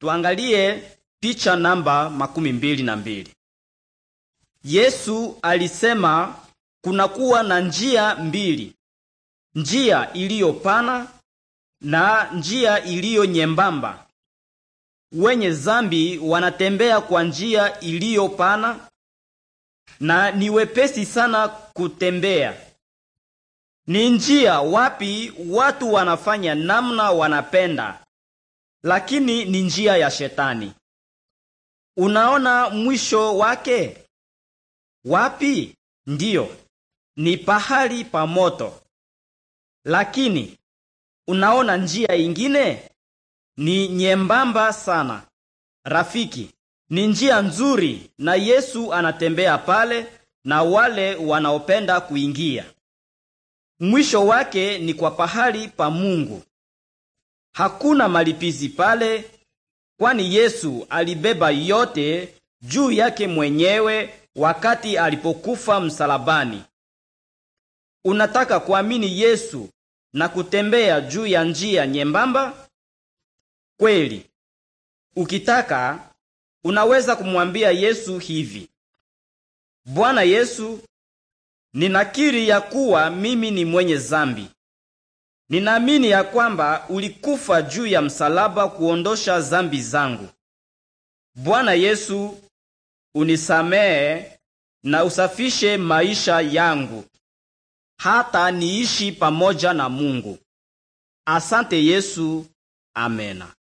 Tuangalie picha namba makumi mbili na mbili. Yesu alisema kunakuwa na njia mbili, njia iliyopana na njia iliyo nyembamba. Wenye zambi wanatembea kwa njia iliyopana na ni wepesi sana kutembea. Ni njia wapi watu wanafanya namna wanapenda lakini ni njia ya Shetani. Unaona mwisho wake wapi? Ndiyo, ni pahali pa moto. Lakini unaona njia ingine ni nyembamba sana, rafiki, ni njia nzuri, na Yesu anatembea pale na wale wanaopenda kuingia. Mwisho wake ni kwa pahali pa Mungu. Hakuna malipizi pale, kwani Yesu alibeba yote juu yake mwenyewe wakati alipokufa msalabani. Unataka kuamini Yesu na kutembea juu ya njia nyembamba? Kweli. Ukitaka unaweza kumwambia Yesu hivi: Bwana Yesu, ninakiri ya kuwa mimi ni mwenye zambi. Ninaamini ya kwamba ulikufa juu ya msalaba kuondosha zambi zangu. Bwana Yesu, unisamehe na usafishe maisha yangu hata niishi pamoja na Mungu. Asante Yesu, amena.